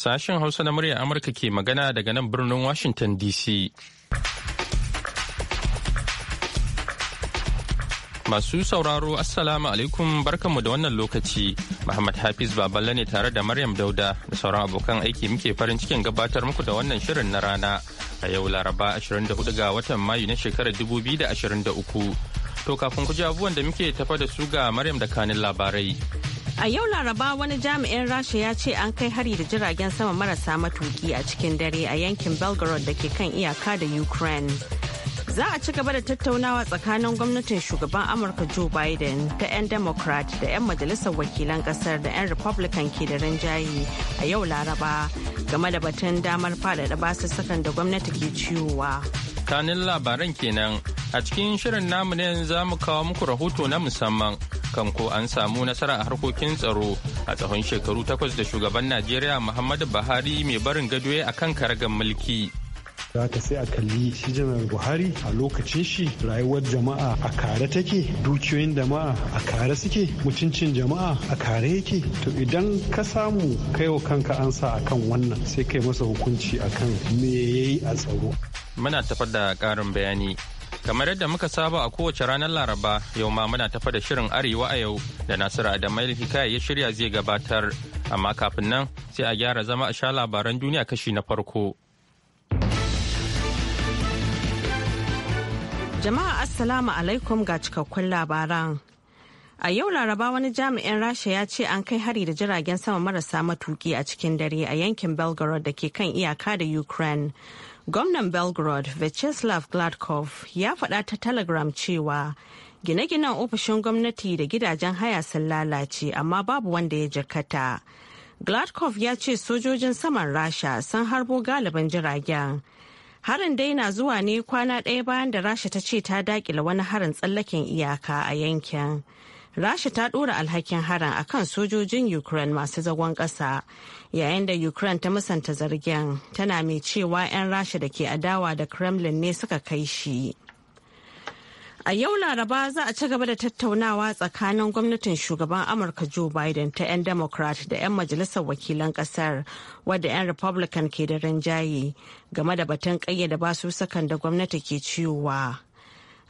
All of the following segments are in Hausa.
Sashen Hausa na muryar Amurka ke magana daga nan birnin Washington DC. Masu sauraro Assalamu alaikum barkanmu da wannan lokaci. Muhammad Hafiz Baballe ne tare da Maryam Dauda da sauran abokan aiki muke farin cikin gabatar muku da wannan shirin na rana a yau Laraba 24 ga watan Mayu na shekarar 2023. To kafin ku ji abubuwan da muke tafa da su ga Maryam da kanin labarai. A yau Laraba wani jami'in Rasha ya ce an kai hari da jiragen sama marasa matuki a cikin dare a yankin Belgorod da ke kan iyaka da Ukraine. Za a ci gaba da tattaunawa tsakanin gwamnatin shugaban Amurka Joe Biden ta 'yan Democrat da 'yan majalisar wakilan kasar da 'yan Republican ke da rinjaye a yau Laraba game da batun damar faɗaɗa basussukan da gwamnati ke ciwowa Kanin labaran kenan a cikin shirin namu ne za mu kawo muku rahoto na musamman kan ko an samu nasara a harkokin tsaro a tsawon shekaru takwas da shugaban najeriya muhammadu buhari mai barin gado a kan karagar mulki za ka sai a kalli shi janar buhari a lokacin shi rayuwar jama'a a kare take dukiyoyin jama'a a kare suke mutuncin jama'a a kare yake to idan ka samu kaiwa kanka an sa akan wannan sai kai masa hukunci akan me yayi a tsaro muna tafar da karin bayani Kamar yadda muka saba a kowace ranar Laraba, yau ma muna tafa da shirin Arewa a yau da nasira Nasiru Adamail Hikaya ya shirya zai gabatar, amma kafin nan sai a gyara zama a sha labaran duniya kashi na farko. Jama'a Assalamu alaikum ga cikakkun labaran. A yau Laraba wani jami'in Rasha ya ce an kai hari da jiragen sama marasa matuki a cikin dare a yankin Belgorod da ke kan iyaka da Ukraine. Gwamnan Belgrade Vyacheslav Gladkov ya faɗa ta Telegram cewa gine-ginen ofishin gwamnati da gidajen haya sun lalace amma babu wanda ya jirkata. Gladkov ya ce sojojin saman Rasha sun harbo galibin jiragen. Harin dai na zuwa ne kwana ɗaya bayan da Rasha ta ce ta daƙila wani harin tsallaken iyaka a yankin. rasha ta ɗora alhakin harin kan sojojin ukraine masu zagon kasa yayin da ukraine ta musanta zargin tana mai cewa 'yan rasha da ke adawa da kremlin ne suka kai shi A yau Laraba za a ci gaba da tattaunawa tsakanin gwamnatin shugaban Amurka Joe Biden ta 'yan Democrat da 'yan majalisar wakilan kasar wadda 'yan Republican ke da rinjaye game da batun kayyada sakan da gwamnati ke ciyowa.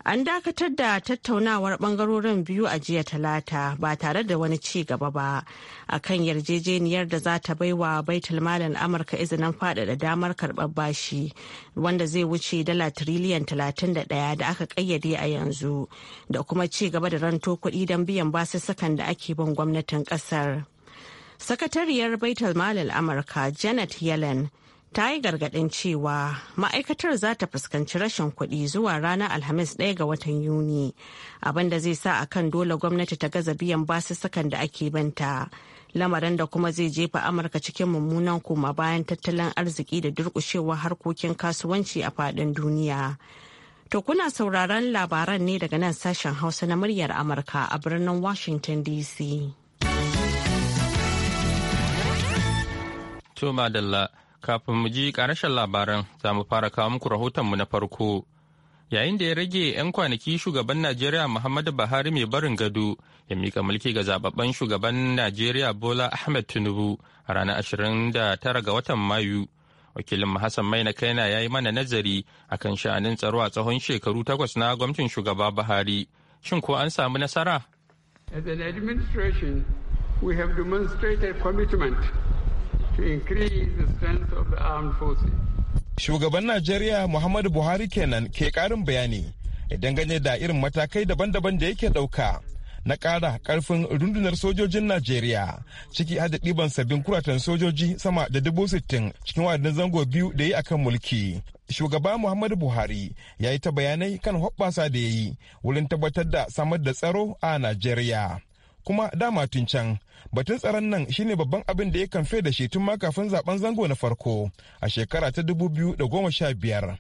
An dakatar da tattaunawar bangarorin biyu a jiya talata ba tare da wani ci gaba ba a kan yarjejeniyar da za ta baiwa baitul malin Amurka izinin faɗaɗa damar karɓar bashi wanda zai wuce dala tiriliyan 31 da aka ƙayyade a yanzu da kuma ci gaba da ranto kuɗi don biyan basussukan da ake bin gwamnatin ƙasar. Sakatariyar baitul malin Amurka Janet Yellen ta yi gargaɗin cewa ma'aikatar za ta fuskanci rashin kuɗi zuwa ranar alhamis ɗaya ga watan yuni abinda zai sa a kan dole gwamnati ta gaza biyan basussukan da ake banta lamarin da kuma zai jefa amurka cikin mummunan koma bayan tattalin arziki da durkushewar harkokin kasuwanci a faɗin duniya to kuna sauraron labaran ne daga nan sashen hausa na muryar amurka a birnin washington dc to madalla Kafin mu ji karashen labaran za mu fara kawo muku rahotonmu na farko. Yayin da ya rage 'yan kwanaki shugaban Najeriya Muhammadu Buhari mai barin gado ya mika mulki ga zababben shugaban Najeriya Bola Ahmed Tinubu a ranar 29 ga watan Mayu. wakilin Hassan Maina Kaina ya yi mana nazari akan sha'anin tsaro a tsawon shekaru takwas na gwamnatin shugaba Buhari. Shin ko an samu nasara? As an administration, we have demonstrated commitment Shugaban Najeriya Muhammadu Buhari kenan ke ƙarin bayani idan ganye da irin matakai daban-daban da yake ɗauka na ƙara ƙarfin rundunar sojojin Najeriya ciki har ɗiban sabbin kuratan sojoji sama da dubu sittin cikin wadannan zango biyu da yi akan mulki. Shugaba Muhammadu Buhari ya yi ta bayanai kan hoɓɓasa da ya yi wurin tabbatar da samar da tsaro a Najeriya. kuma dama tun can batun tsaron nan shine babban abin da ya kamfe da shi tun ma kafin zaben zango na farko a shekara ta dubu biyu da goma sha biyar.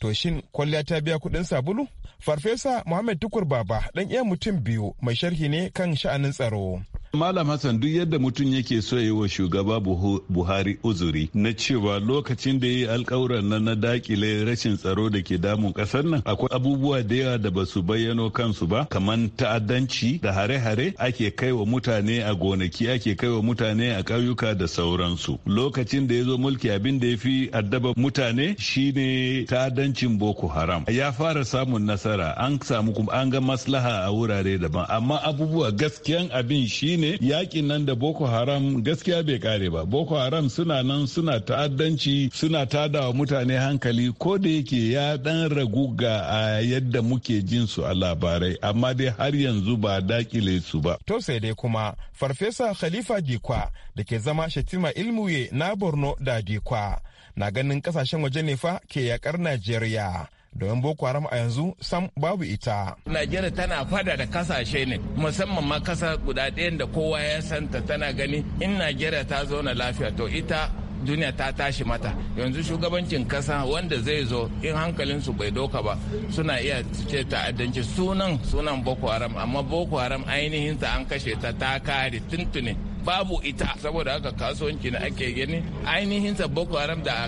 to shin kwalliya ta biya kuɗin sabulu farfesa muhammad tukur baba ɗan iya mutum biyu mai sharhi ne kan sha'anin tsaro Malam Hassan duk yadda mutum yake so ya yi wa shugaba Buhari uzuri na cewa lokacin da ya yi alkawuran nan na dakile rashin tsaro da ke damun kasar nan akwai abubuwa da yawa da ba su bayyano kansu ba kamar ta'addanci da hare-hare ake kai wa mutane a gonaki ake kai wa mutane a ƙauyuka da sauransu. Lokacin da ya zo mulki abin da ya fi addaba mutane shine ta'addancin Boko Haram. Ya fara samun nasara an samu kuma an ga maslaha a wurare daban amma abubuwa gaskiyan abin shine ne yakin nan da Boko Haram gaskiya bai kare ba. Boko Haram suna nan suna ta'addanci suna tada wa mutane hankali ko da yake ya dan ragu ga a yadda muke jin su a labarai amma dai har yanzu ba dakile su ba. To sai dai kuma Farfesa Khalifa Dikwa da ke zama Shatima Ilmuye na Borno da Dikwa na ganin kasashen waje ne fa ke yakar Najeriya. domin boko haram a yanzu sam babu ita najeriya tana fada da kasashe ne musamman ma kasa guda ɗayan da kowa ya santa tana gani in najeriya ta zauna lafiya to ita duniya ta tashi mata yanzu shugabancin kasa wanda zai zo in hankalinsu bai doka ba suna iya ce ta'addanci sunan sunan boko haram amma boko haram ainihinta an kashe ta ta kare tuntuni babu ita saboda haka kasuwanci ne ake gani ainihin sa boko haram da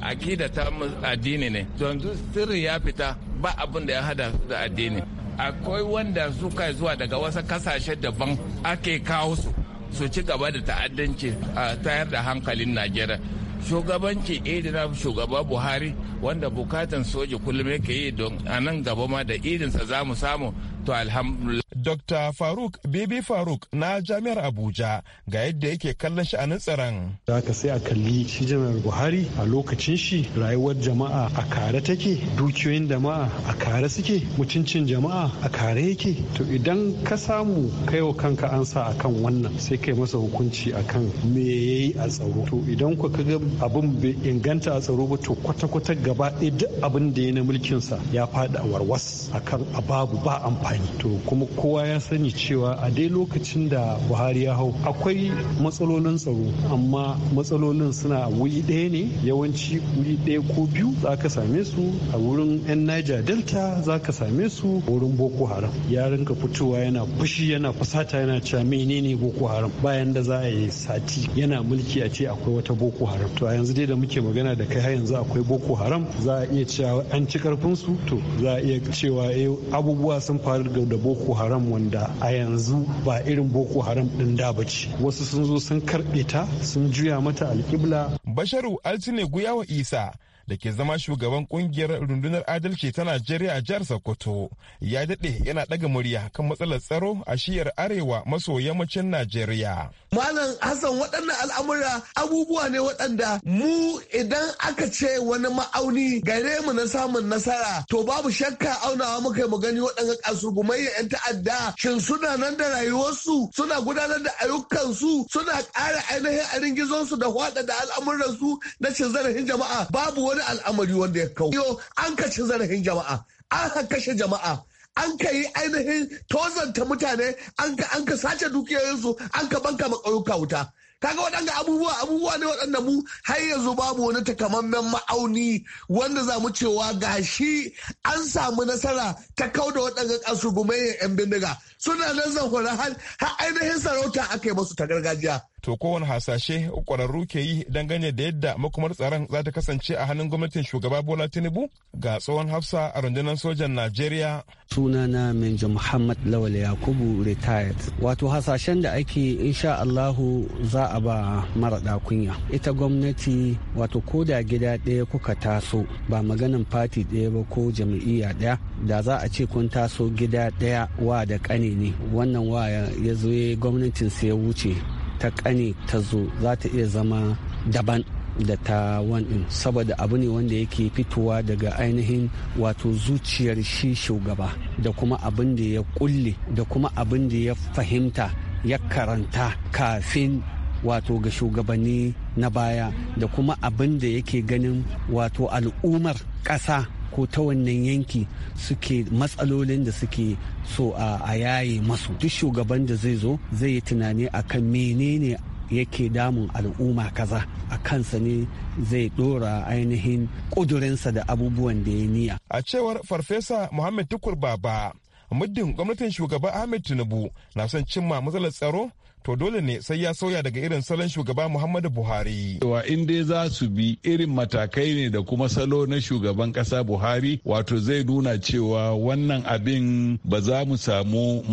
akida ta addini ne yanzu sirri ya fita ba abin da ya hada da addini akwai wanda suka zuwa daga wasu kasashe daban ake kawo su su ci gaba da ta'addanci a tayar da hankalin najeriya shugabanci irina shugaba buhari wanda bukatan soja kullum yake yi don a nan gaba ma da irinsa za mu samu To alhamdulillah. Dr. Faruk Bebe Faruk na Jami'ar Abuja ga yadda yake kallon shi nan tsaron. Za ka sai a kalli shi jami'ar Buhari a lokacin shi rayuwar jama'a a kare take, dukiyoyin jama'a a kare suke, mutuncin jama'a a kare yake. To idan ka samu kai wa kanka an sa a kan wannan sai kai masa hukunci a kan me yi a tsaro. To idan ku ka ga abin bai inganta a tsaro ba to kwata-kwata gaba ɗaya duk abin da ya na mulkinsa ya faɗi a warwas a ababu ba amfani. buhari to kuma kowa ya sani cewa a dai lokacin da buhari ya hau akwai matsalolin tsaro amma matsalolin suna wuri ɗaya ne yawanci wuri ɗaya ko biyu za ka same su a wurin 'yan niger delta za ka same su wurin boko haram ya rinka fitowa yana fushi yana fusata yana cewa menene boko haram bayan da za a yi sati yana mulki a ce akwai wata boko haram to a yanzu dai da muke magana da kai har yanzu akwai boko haram za a iya cewa an ci karfin su to za a iya cewa eh, abubuwa sun faru algau da boko haram wanda a yanzu ba irin boko haram din da ba ce wasu sun zo sun karɓe ta sun juya mata alƙibla basharu altine guyawa isa da ke zama shugaban kungiyar rundunar adalci ta najeriya a jihar sokoto ya daɗe yana ɗaga murya kan matsalar tsaro a shiyar arewa maso yammacin najeriya Malam Hassan waɗannan al'amura abubuwa ne waɗanda mu idan aka ce wani ma'auni gare mu na samun nasara to babu shakka aunawa muka mu gani waɗannan kasurgumai yan ta'adda shin suna nan da rayuwarsu suna gudanar da ayyukansu suna ƙara ainihin a ringizonsu da hwada da al'amuransu na cin zarafin jama'a babu wani al'amari wanda ya kawo. An ka zarafin jama'a an kashe jama'a an ka yi ainihin tozanta mutane an ka sace dukiyoyinsu an ka banka makaruka wuta kaga waɗanda abubuwa abubuwa ne waɗanda mu har yanzu babu wani takamammen ma'auni wanda za mu cewa gashi an samu nasara ta kau da waɗanda gumayen yan bindiga suna nan zan har ainihin sarauta aka yi masu ta gargajiya to kowane hasashe kwararru ke yi dangane da yadda makomar tsaron za ta kasance a hannun gwamnatin shugaba bola tinubu ga tsohon hafsa a rundunar sojan najeriya sunana minji muhammad lawal yakubu retired wato hasashen da ake insha allahu za a ba mara kunya ita gwamnati wato ko da gida ɗaya kuka taso ba maganin fati ɗaya ba ko jam'iyya ɗaya da za a ce kun taso gida ɗaya wa da ƙane ne wannan wa ya zo gwamnatin sai ya wuce ta kane ta zo za ta iya zama daban da ta ɗin saboda abu ne wanda yake fitowa daga ainihin wato zuciyar shi shugaba da kuma abin da ya kulle da kuma abin da ya fahimta ya karanta kafin wato ga shugabanni na baya da kuma abin da yake ganin wato al'ummar ƙasa ko ta wannan yanki suke matsalolin da suke so a yaye masu duk shugaban da zai zo zai yi tunani akan menene yake damun al'umma kaza a kansa ne zai dora ainihin kudurinsa da abubuwan da ya niya. A cewar Farfesa Muhammad Tukur Baba, muddin gwamnatin shugaba Ahmed Tinubu na son cimma matsalar tsaro to dole ne sai ya sauya daga irin salon shugaba Muhammadu Buhari. Wa in dai za su bi irin matakai ne da kuma salo na shugaban kasa Buhari wato zai nuna cewa wannan abin ba za mu samu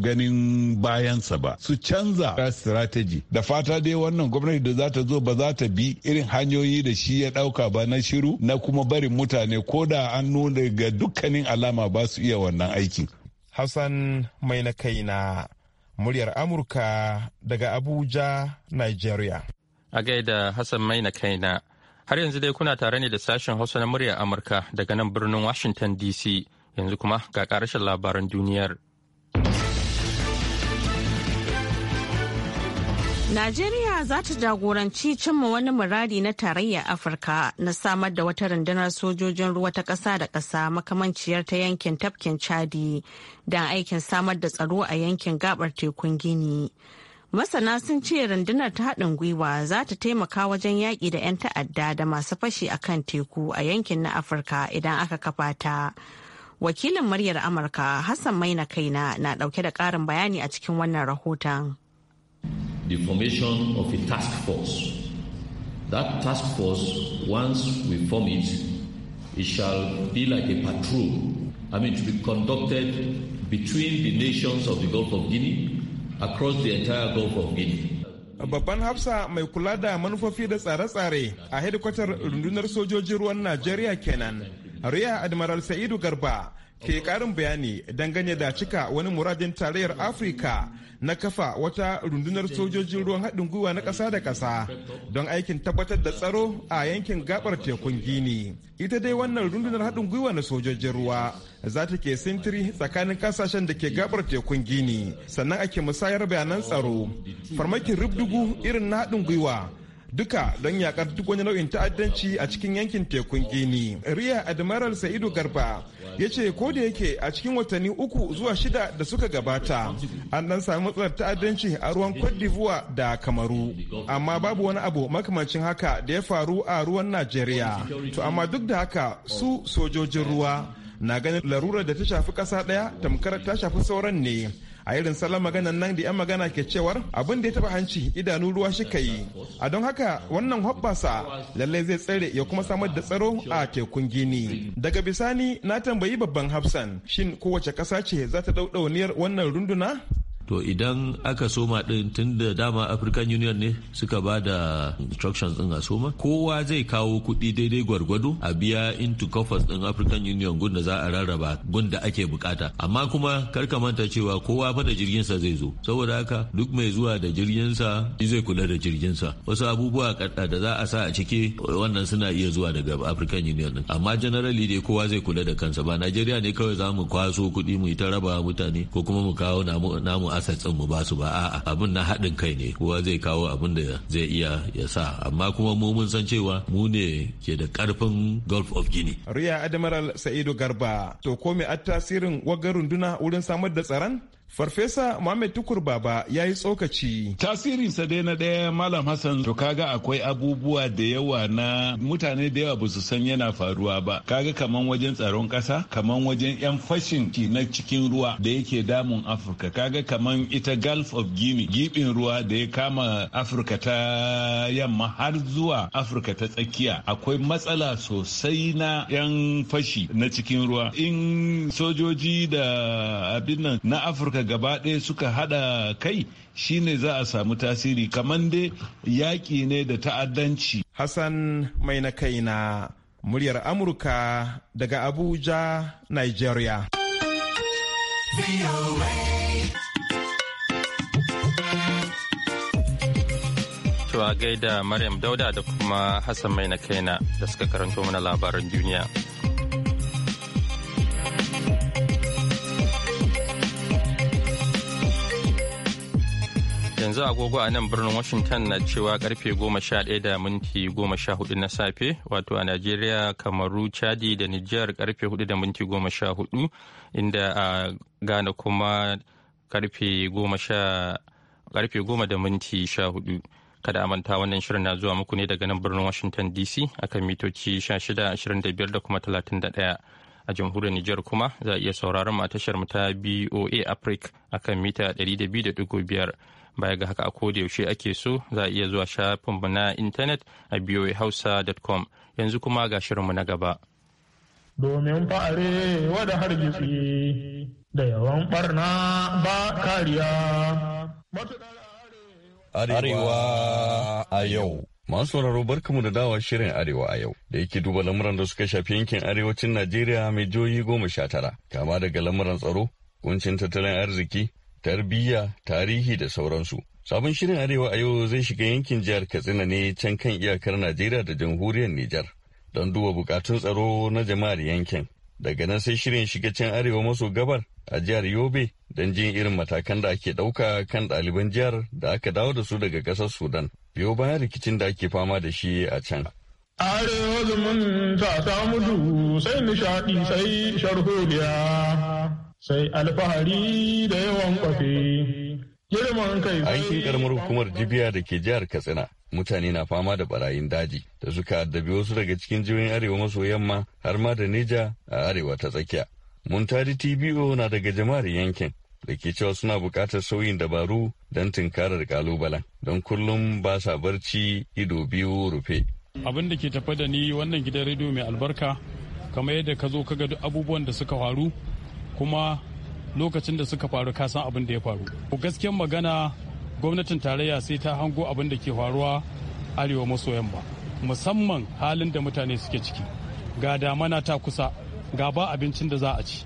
ganin bayansa ba. Su canza strategy da fata dai wannan gwamnati da za ta zo ba za ta bi irin hanyoyi da shi ya dauka ba na shiru na kuma barin mutane ko da an nuna ga dukkanin alama ba su iya wannan aikin. Hassan mai na kaina muryar Amurka daga Abuja, Nigeria. A gaida Hassan Maina kaina, har yanzu dai kuna tare ne da sashen Hausa na muryar Amurka daga nan birnin Washington DC, yanzu kuma ga ƙarashin labaran duniyar. Najeriya za ta jagoranci cimma wani muradi na tarayyar Afirka na samar da wata rundunar sojojin ruwa ta ƙasa da ƙasa makamanciyar ta yankin tafkin Chadi don aikin samar da tsaro a yankin gabar tekun Gini. Masana sun ce rundunar ta haɗin gwiwa za ta taimaka wajen yaƙi da 'yan ta'adda da masu fashi a kan teku a yankin na Afirka idan aka kafa ta. Wakilin muryar Amurka Hassan Maina Kaina na ɗauke da ƙarin bayani a cikin wannan rahoton. The formation of a task force. That task force, once we form it, it shall be like a patrol. I mean, to be conducted between the nations of the Gulf of Guinea, across the entire Gulf of Guinea. babban hafsa mai kula da manufofi da tsare-tsare a hedikwatar rundunar sojojin ruwan najeriya kenan riya admiral sa'idu garba ke karin bayani dangane da cika wani muradin tarayyar afirka na kafa wata rundunar sojojin ruwan haɗin gwiwa na ƙasa da ƙasa don aikin tabbatar da tsaro a yankin gabar tekun gini ita dai wannan rundunar haɗin gwiwa na sojojin ruwa za ta ke sintiri tsakanin ƙasashen da ke gabar tekun gini sannan ake musayar bayanan tsaro farmakin rubdugu irin na haɗin gwiwa duka don yakar duk wani nau'in ta'addanci a cikin yankin tekun gini riya admiral sa'idu garba ya ce ko da yake a cikin watanni uku zuwa shida da suka gabata an dan sami matsalar ta'addanci a ruwan cote d'ivoire da kamaru amma babu wani abu makamancin haka da ya faru a ruwan najeriya to amma duk da haka su sojojin ruwa na ganin larurar da ta shafi ƙasa ɗaya tamkar ta shafi sauran ne a irin salon maganan nan da 'yan magana ke cewar abin da ya taba hanci idanu ruwa shi ka yi a don haka wannan hoɓɓasa lallai zai tsere ya kuma samar da tsaro a tekun gini daga bisani na tambayi babban hafsan shin kowace ƙasa ce za ta ɗauɗauniyar wannan runduna to idan aka soma din tun da dama african union ne suka ba da instructions din a soma kowa zai kawo kuɗi daidai gwargwado a biya into coffers din african union gunda za a rarraba gun da ake bukata amma kuma kar ka manta cewa kowa ba da jirgin sa zai zo saboda haka duk mai zuwa da jirgin sa zai kula da jirgin sa wasu abubuwa da za a sa a ciki wannan suna iya zuwa daga african union din amma generally dai kowa zai kula da kansa ba nigeria ne kawai za mu kwaso kuɗi mu ita ta raba mutane ko kuma mu kawo namu assets mu ba su ba a'a abin na haɗin kai ne kowa zai kawo abin da zai iya ya sa amma kuma mu mun san cewa mu ne ke da karfin golf of Guinea. Riya Admiral Sa'idu Garba to ko me a tasirin wagar runduna wurin samar da tsaron? Farfesa Muhammad Tukur Baba ya yi tsokaci. Tasirinsa dai na ɗaya Malam Hassan to kaga akwai abubuwa da yawa na mutane da yawa ba su san yana faruwa ba. Kaga kaman wajen tsaron ƙasa, kaman wajen 'yan fashin ki na cikin ruwa da yake damun Afirka. Kaga kaman ita Gulf of Guinea, gibin ruwa da ya kama Afirka ta yamma har zuwa Afirka ta tsakiya. Akwai matsala sosai na 'yan fashi na cikin ruwa. In sojoji da abin nan na Afirka gaba ɗaya suka haɗa kai shine za a samu tasiri kamar dai yaƙi ne da ta'addanci. Hassan mai na kai na muryar Amurka daga Abuja, Nigeria. Tuwa gaida Maryam Dauda da kuma Hassan mai na kaina da suka karanto mana labaran duniya. yanzu agogo a nan birnin washington na cewa karfe 11 da minti 14 na safe wato a najeriya kamaru chadi da nijar karfe 4 da minti 14 inda a ghana kuma karfe 10 da minti 14 kada a manta wannan shirin na zuwa muku ne daga nan birnin washington dc akan mitoci 1625 da kuma 31 a jamhuriyar Nijar kuma za a iya sauraron mu a tashar mu ta BOA Africa akan mita 200.5 baya ga haka a yaushe ake so za a iya zuwa shafinmu na intanet a voahausa.com yanzu kuma ga shirinmu na gaba. Domin fa'are wada hargitsi da yawan barna ba kariya. Arewa a yau. Masu sauraro barkamu da dawa shirin Arewa a yau da yake duba lamuran da suka shafi yankin arewacin Najeriya mai joyi goma sha tara, kama daga lamuran tsaro, kuncin tattalin arziki, tarbiyya, tarihi da sauransu. Sabon shirin Arewa a yau zai shiga yankin jihar Katsina ne can kan iyakar Najeriya da jamhuriyar Nijar don duba bukatun tsaro na jama'ar yankin. Daga nan sai shirin shiga can Arewa maso gabar a jihar Yobe don jin irin matakan da ake ɗauka kan ɗaliban jihar da aka dawo da su daga ƙasar Sudan. Biyo bayan rikicin da ake fama da shi a can. Arewa zumunta ta mutu sai nishaɗi sai sharhodiya sai alfahari da yawan kwafi. Girman kai Aikin karamar hukumar Jibiya da ke jihar Katsina mutane na fama da barayin daji da suka addabi wasu daga cikin jihohin arewa maso yamma har ma da nija a arewa ta tsakiya. Muntari TBO na daga jama'ar yankin da ke cewa suna buƙatar sauyin dabaru don tunkarar kalubalen don kullum ba sa barci ido biyu rufe. Abin da ke tafa da ni wannan gidan rediyo mai albarka kamar yadda ka zo ka ga duk abubuwan da suka faru kuma lokacin da suka faru kasan abin da ya faru gaskiyar magana gwamnatin tarayya sai ta hango abin da ke faruwa arewa maso yamma musamman halin da mutane suke ciki ga damana ta kusa ga ba abincin da za a ci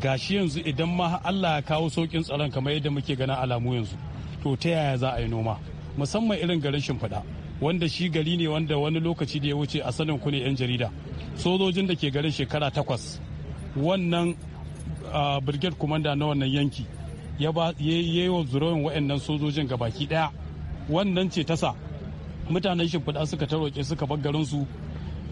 ga shi yanzu idan ma allah ya kawo saukin tsaron kamar yadda muke gana alamu yanzu to ta yaya za a yi noma musamman irin garin shimfiɗa wanda shi gari ne wanda wani lokaci da ya wuce a sanin ku ne 'yan jarida sojojin da ke garin shekara takwas wannan brigade commander na wannan yanki ya yi wa zurowin waɗannan sojojin ga baki daya wannan ce tasa mutanen shimfiɗa suka taroke suka bar garinsu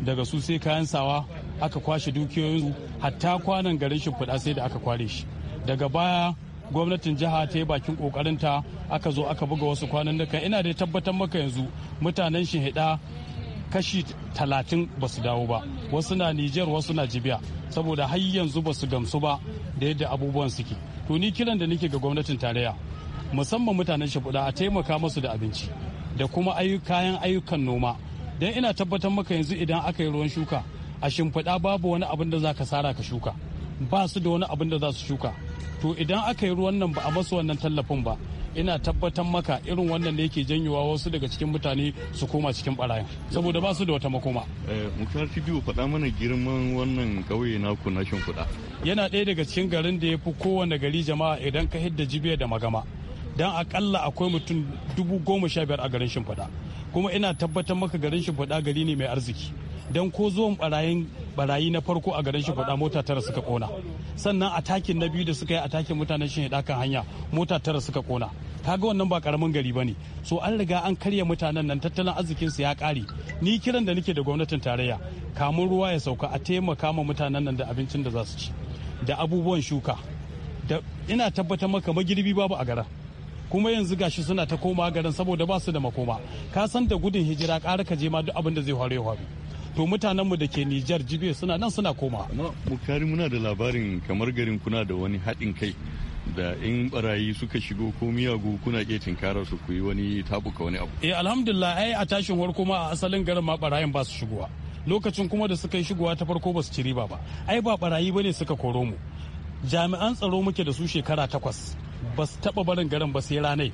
daga su sai kayan sawa aka kwashe dukiyoyinsu hatta kwanan garin shimfiɗa sai da aka kware shi daga baya gwamnatin jiha ta yi bakin ta aka zo aka buga wasu kwanan da ina da tabbatar maka yanzu mutanen shimfiɗa kashi talatin ba su dawo ba wasu na nijar wasu na jibiya saboda har yanzu ba su gamsu ba da yadda abubuwan suke to ni kiran da nake ga gwamnatin tarayya musamman mutanen shafuɗa a taimaka musu da abinci da kuma kayan ayyukan noma don ina tabbatar maka yanzu idan aka yi ruwan shuka a shimfiɗa babu wani abin da za ka sara ka shuka ba su da wani abin da za su shuka to idan aka yi ruwan nan ba a masu wannan tallafin ba ina tabbatar maka irin wannan da yake janyowa wasu daga cikin mutane su koma cikin barayin saboda ba su da wata makoma eh, muktar biyu faɗa mana girman wannan ƙauye naku na kuɗa yana ɗaya daga cikin garin da ya fi kowane gari jama'a idan ka hidda jibiya da magama don aƙalla akwai mutum dubu goma sha biyar a garin shimfiɗa kuma ina tabbatar maka garin shimfiɗa gari ne mai arziki don ko zuwan barayin barayi na farko a garin shimfiɗa mota tara suka kona sannan a takin na biyu da suka yi a takin mutanen shi kan hanya mota tara suka kona kaga wannan ba karamin gari ba ne so an riga an karya mutanen nan tattalin arzikin su ya kare ni kiran da nake da gwamnatin tarayya kamun ruwa ya sauka a taimaka ma mutanen nan da abincin da za su ci da abubuwan shuka da ina tabbatar maka magirbi babu a garin kuma yanzu gashi suna ta koma garin saboda ba su da makoma ka san da gudun hijira ƙara ka je ma duk abin da zai faru ya faru to mutanenmu da ke Nijar jibe suna nan suna koma. Amma Bukari muna da labarin kamar garin kuna da wani haɗin kai da in barayi suka shigo ko miyagu kuna ke tinkara su ku yi wani tabuka wani abu. Eh alhamdulillah ai a tashin warko ma a asalin garin ma barayin ba su shigowa. Lokacin kuma da suka yi shigowa ta farko ba su ci riba ba. Ai ba barayi ne suka koro mu. Jami'an tsaro muke da su shekara takwas. Ba su taɓa barin garin ba sai ranai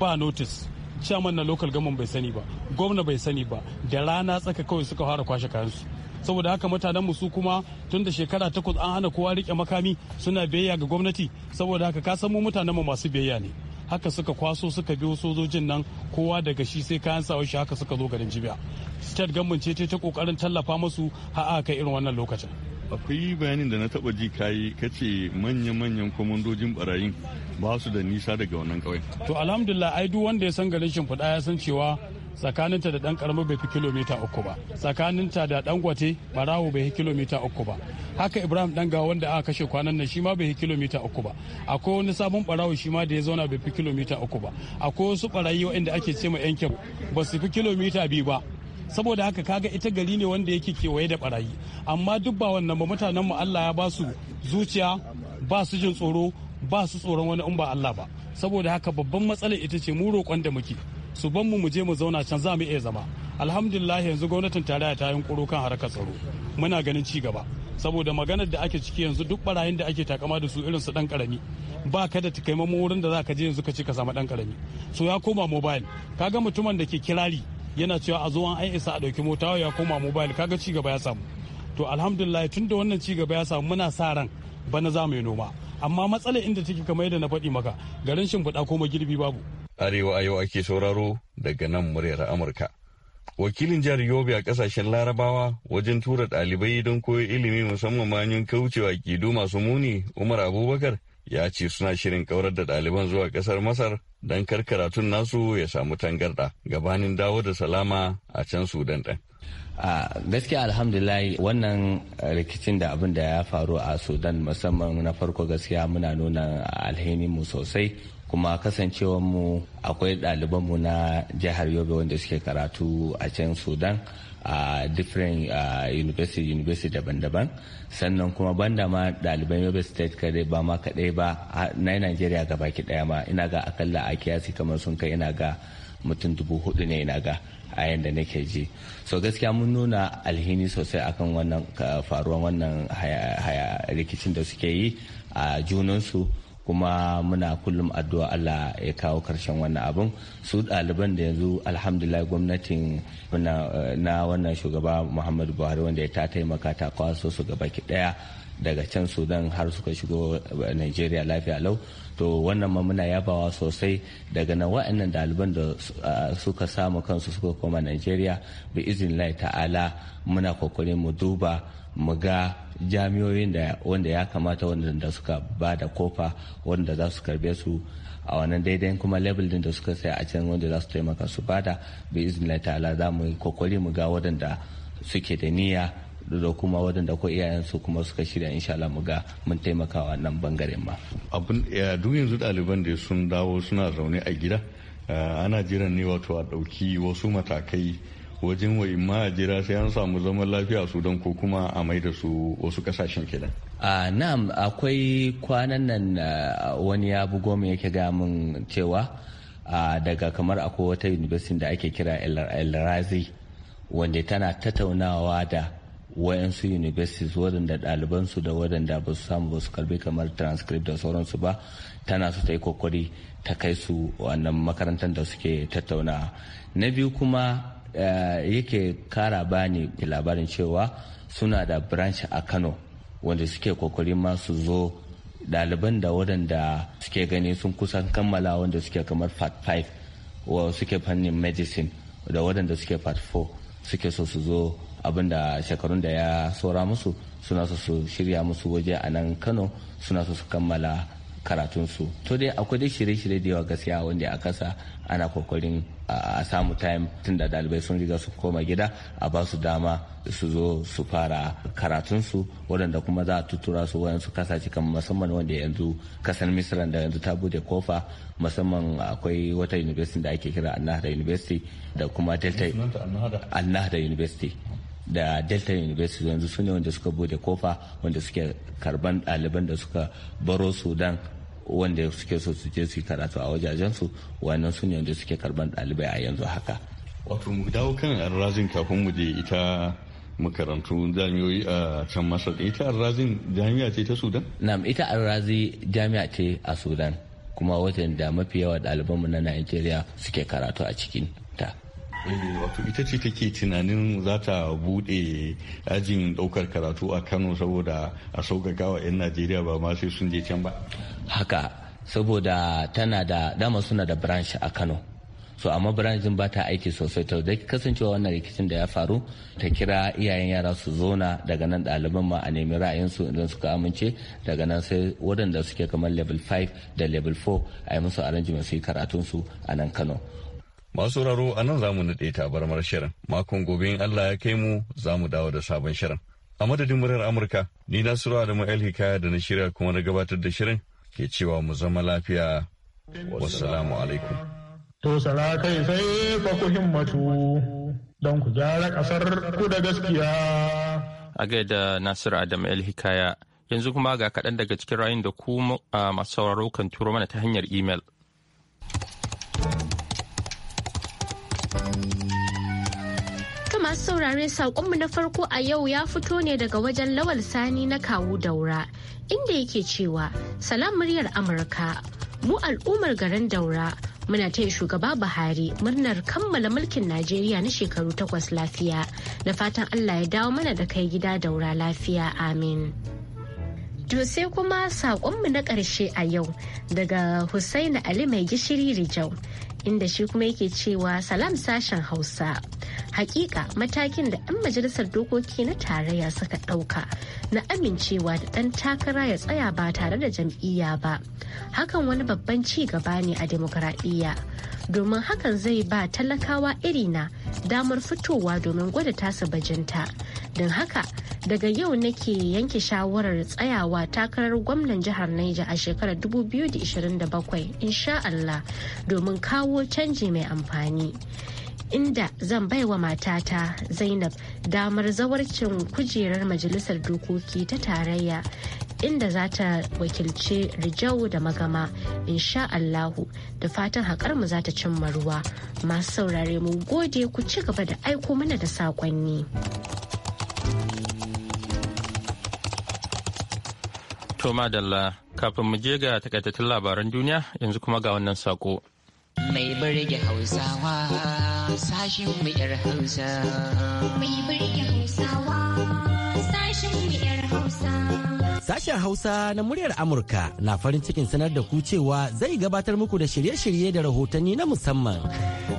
ba notice chairman na local government bai sani ba gwamna bai sani ba da rana tsaka kawai suka fara kwashe kayansu saboda haka mutanen mu su kuma tun da shekara takwas an hana kowa rike makami suna biyayya ga gwamnati saboda haka ka san mu mutanen mu masu biyayya ne haka suka kwaso suka biyo sojojin nan kowa daga shi sai kayan sawa shi haka suka zo garin jibiya state government ce ta kokarin tallafa musu har aka irin wannan lokacin akwai bayanin da na taba ji kayi kace manya-manyan kwamandojin barayin ba su da nisa daga wannan kawai to alhamdulillah ai duk wanda ya san garin shimfiɗa ya san cewa tsakaninta da dan karama bai fi kilomita uku ba tsakaninta da dan gwate barawo bai fi kilomita uku ba haka ibrahim ga wanda aka kashe kwanan nan shi ma bai fi kilomita uku ba akwai wani sabon barawo shi ma da ya zauna bai fi kilomita uku ba akwai wasu barayi waɗanda ake ce ma yan ba su fi kilomita biyu ba saboda haka kaga ita gari ne wanda yake kewaye da barayi amma duk ba wannan ba mutanen mu Allah ya ba su zuciya ba su jin tsoro ba su tsoron wani in ba Allah ba saboda haka babban matsalar ita ce mu roƙon da muke su ban mu mu je mu zauna can za mu iya zama alhamdulillah yanzu gwamnatin tarayya ta ƙoro kan harkar tsaro muna ganin ci gaba saboda maganar da ake ciki yanzu duk barayin da ake takama da su irin su dan karami ba ka da takaimamo wurin da za ka je yanzu ka ci ka samu dan karami so ya koma mobile kaga mutumin da ke kirari yana cewa a zo an isa a ɗauki mota ya koma mobile kaga ci gaba ya samu to alhamdulillah tun da wannan ci gaba ya samu muna sa ran bana za mu yi noma amma matsalar inda take kamar yadda na faɗi maka garin shimfiɗa ko girbi babu arewa a yau ake sauraro daga nan muryar amurka wakilin jihar yobe a kasashen larabawa wajen tura ɗalibai don koyo ilimi musamman manyan kaucewa kidu masu muni umar abubakar ya ce suna shirin kaurar da ɗaliban zuwa ƙasar masar don kar karatun nasu ya samu tangarda gabanin dawo da salama a can sudan ɗin. a gaskiya alhamdulillah wannan rikicin da abin da ya faru a sudan musamman na farko gaskiya muna nuna mu sosai kuma mu akwai ɗalibanmu na jihar yobe wanda suke karatu a can sudan a different university university daban-daban sannan kuma banda ma ɗaliban yobe state kadai ba ma kadai ba na nigeria ga baki ɗaya ma ina ga akalla a kiyasi kamar sun kai ina ga mutum dubu hudu ne ina ga a yadda nake ji so gaskiya mun nuna alhini sosai akan wannan faruwan wannan rikicin da suke yi a junansu kuma muna kullum addu'a Allah ya kawo karshen wannan abun su ɗaliban da yanzu alhamdulillah gwamnatin na wannan shugaba muhammadu buhari wanda ya ta taimaka ta kwaso su gaba ki ɗaya daga can sudan har suka shigo nigeria lafiya lau to wannan ma muna yabawa sosai daga nan wa'annan daliban da suka samu kansu suka koma Najeriya bi izin ta'ala muna kokarin mu duba mu ga jami'oyin da wanda ya kamata wanda suka ba da kofa wanda za su karbe su a wannan daidai kuma level din da suka sai a can wanda za su taimaka su bada bi izin ta'ala za mu yi kokari mu ga waɗanda suke da niyya da kuma waɗanda ko iyayensu kuma suka shirya insha Allah mu ga mun taimakawa nan bangaren ma. Abin duk yanzu ɗaliban da sun dawo suna zaune a gida ana jiran ne wato a ɗauki wasu matakai wajen wai ma jira sai an samu zaman lafiya su don ko kuma a mai da su wasu kasashen kenan. a na'am akwai kwanan nan wani ya bugo mu yake ga min cewa daga kamar akwai wata university da ake kira el razi wanda tana tattaunawa da wayansu universities waɗanda ɗalibansu da waɗanda ba su samu ba su karbi kamar transcript da sauransu ba tana su ta yi kokari ta kai su wannan makarantar da suke tattauna na biyu kuma eh, yake kara bani labarin cewa suna da branch a kano wanda suke kokari ma su zo ɗaliban da waɗanda suke gani sun kusan kammala wanda suke kamar part 5 wa suke fannin medicine da waɗanda suke part 4 suke so su zo abin da shekarun da ya saura musu suna so su shirya musu waje a nan kano suna so su kammala karatunsu to dai akwai dai shirye-shirye da yawa gaskiya wanda a kasa ana kokarin a samu time tun da dalibai sun riga su koma gida a ba su dama su zo su fara karatunsu Wadanda kuma za a tutura su wayansu kasa kan musamman wanda yanzu kasar misran da yanzu ta bude kofa musamman akwai wata university da ake kira annahda university da kuma delta annahda university da delta university yanzu su ne wanda suka bude kofa wanda suke karban ɗaliban da suka baro sudan wanda suke so su je su yi karatu a wajajensu wannan su ne wanda suke karban ɗalibai a yanzu haka wato mu dawo kan arrazin kafin mu je ita makarantu jami'o'i a can masar ita arrazin jami'a ce ta sudan na'am ita arrazi jami'a ce a sudan kuma wajen da mafi yawa ɗalibanmu na Najeriya suke karatu a cikin Eh, wato ita ce take tunanin za ta buɗe ajin ɗaukar karatu a kano saboda a sauƙaƙa wa 'yan najeriya ba ma sai sun je can ba haka saboda tana da dama suna da branch a kano so amma branch ba ta aiki sosai to da kasancewa wannan rikicin da ya faru ta kira iyayen yara su zona daga nan ɗaliban ma a nemi ra'ayinsu idan suka amince daga nan sai waɗanda suke kamar level 5 da level 4 a yi musu arrangement su yi karatunsu a nan kano Masu raro a nan za mu naɗe tabarmar shirin. Makon gobe in Allah ya kai mu za mu dawo da sabon shirin. A madadin murar Amurka, ni na suru Adamu hikaya da na shirya kuma na gabatar da shirin ke cewa mu zama lafiya. Wassalamu alaikum. To sala kai sai fa ku himmatu don ku gyara ƙasar ku da gaskiya. A gaida Nasiru adamu El Hikaya, yanzu kuma ga kaɗan daga cikin rayin da ku ah, masu sauraro kan turo mana ta hanyar imel. masu saurare saƙonmu na farko a yau ya fito ne daga wajen lawal sani na kawu daura inda yake cewa salam muryar amurka mu al'ummar garin daura muna taya shugaba buhari murnar kammala mulkin najeriya na shekaru takwas lafiya na fatan allah ya dawo mana da kai gida daura lafiya amin To sai kuma saƙonmu na ƙarshe a yau daga Hussaini Ali mai gishiri Rijau inda shi kuma yake cewa salam sashen Hausa. hakika matakin da 'yan majalisar dokoki na tarayya suka ɗauka na amincewa da ɗan takara ya tsaya ba tare da jam'iyya ba hakan wani babban ci gaba ne a demokradiyya domin hakan zai ba talakawa irina damar fitowa domin gwada tasu bajinta don haka daga yau nake yanke shawarar tsayawa takarar gwamnan jihar Niger a shekarar 2027 insha Allah domin kawo canji mai amfani. inda zan bai wa matata zainab damar zawarcin kujerar majalisar dokoki ta tarayya inda za ta wakilce rijau da magama insha allahu da fatan haƙarmu mu za ta cimma ruwa masu saurare mu gode ku ci gaba da aiko mana da saƙonni. To Madalla, kafin mu je ga takaitattun labaran duniya yanzu kuma ga wannan sako. mai birge hausawa sashin mu yar hausa mai birge hausawa Sashen Hausa na muryar Amurka na farin cikin sanar da ku cewa zai gabatar muku da shirye-shirye da rahotanni na musamman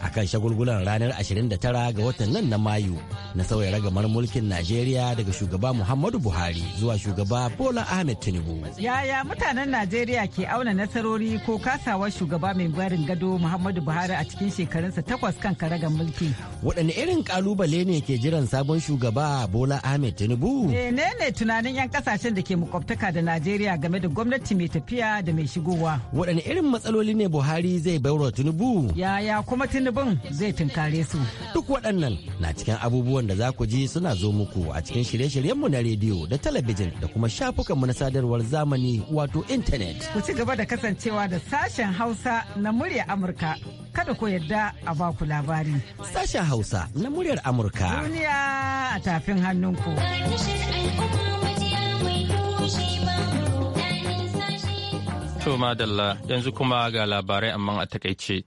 akan shagulgulan ranar 29 ga watan nan na Mayu na sauya ragamar mulkin Najeriya daga shugaba Muhammadu Buhari zuwa shugaba Bola Ahmed Tinubu. Yaya mutanen Najeriya ke auna nasarori ko kasawar shugaba mai barin gado Muhammadu Buhari a cikin shekarunsa takwas kan karagan mulki. Waɗanne irin kalubale ne ke jiran sabon shugaba Bola Ahmed Tinubu? Menene tunanin 'yan kasashen da ke makwabtaka da Najeriya game da gwamnati mai tafiya da mai shigowa. Waɗanne irin matsaloli ne Buhari zai baiwa Tinubu? Yaya kuma Tinubun zai tunkare su? Duk waɗannan na cikin abubuwan da za ku ji suna zo muku a cikin shirye-shiryenmu na rediyo da talabijin da kuma shafukanmu na sadarwar zamani wato intanet. Ku ci gaba da kasancewa da sashen Hausa na murya Amurka. Kada ku yarda a baku labari. Sashen Hausa na muryar Amurka. Duniya a tafin hannunku. To madalla yanzu kuma ga labarai amma a takaice.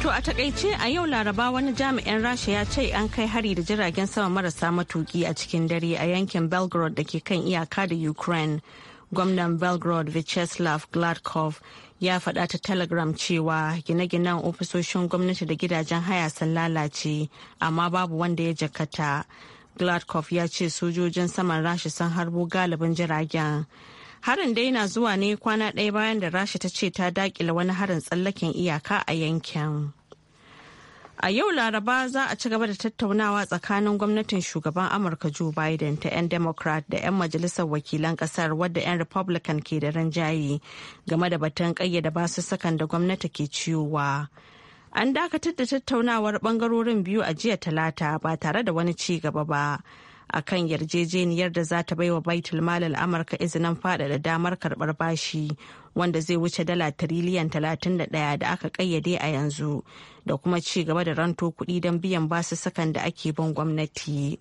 To a takaice a yau laraba wani jami'in rasha ya ce an kai hari da jiragen sama marasa matuki a cikin dare a yankin belgrade da ke kan iyaka da Ukraine. Gwamnan belgrade Vyacheslav Gladkov ya faɗa ta telegram cewa gine-ginen ofisoshin gwamnati da gidajen haya sun lalace amma babu wanda ya jakata. Gladkov ya ce sojojin saman Rasha sun harbo galibin jiragen. Harin dai na zuwa ne kwana ɗaya bayan da Rasha ta ce ta dakile wani harin tsallaken iyaka a yankin. A yau Laraba za a ci gaba da tattaunawa tsakanin gwamnatin shugaban Amurka Joe Biden ta 'yan Democrat da 'yan majalisar wakilan kasar wadda 'yan Republican ke da rinjaye game da batun ƙayyada sakan da gwamnati ke ciyowa. An dakatar da tattaunawar bangarorin biyu a jiya talata ba tare da wani ci gaba ba. a kan yarjejeniyar da za ta baiwa baitul malal amurka izinin faɗaɗa damar karɓar bashi wanda zai wuce dala tiriliyan talatin da da aka ƙayyade a yanzu da kuma ci gaba da ranto kuɗi don biyan basussukan da ake bin gwamnati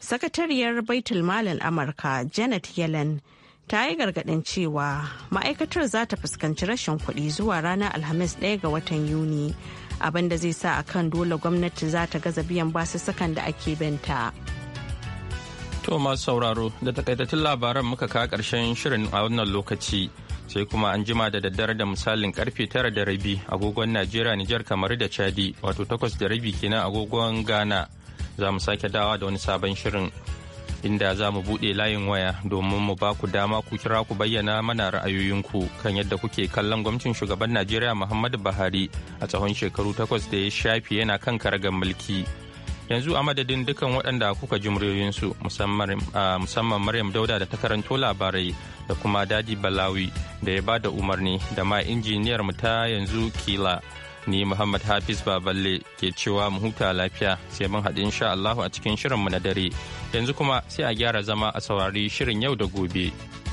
sakatariyar baitul malal amurka janet yellen ta yi gargaɗin cewa ma'aikatar za ta fuskanci rashin kuɗi zuwa ranar alhamis ɗaya ga watan yuni abin da zai sa a kan dole gwamnati za ta gaza biyan basussukan da ake binta. to masu sauraro da takaitattun labaran muka kawo ƙarshen shirin a wannan lokaci sai kuma an jima da daddare da misalin karfe tara da rabi agogon najeriya nijar kamar da chadi wato takwas da rabi kenan agogon ghana za mu sake dawa da wani sabon shirin inda za mu buɗe layin waya domin mu ba ku dama ku kira ku bayyana mana ra'ayoyinku kan yadda kuke kallon gwamnatin shugaban Najeriya Muhammadu Buhari a tsawon shekaru takwas da ya shafi yana kan karagar mulki. Yanzu a madadin dukan waɗanda kuka ji muryoyinsu musamman Maryam Dauda da ta karanto labarai da kuma Dadi Balawi da ya ba da umarni da ma injiniyar mu ta yanzu Kila. Ni Muhammad Hafiz Baballe ke cewa mu huta lafiya sai mun haɗu insha Allahu a cikin shirinmu na dare. Yanzu kuma sai a gyara zama a saurari shirin yau da gobe.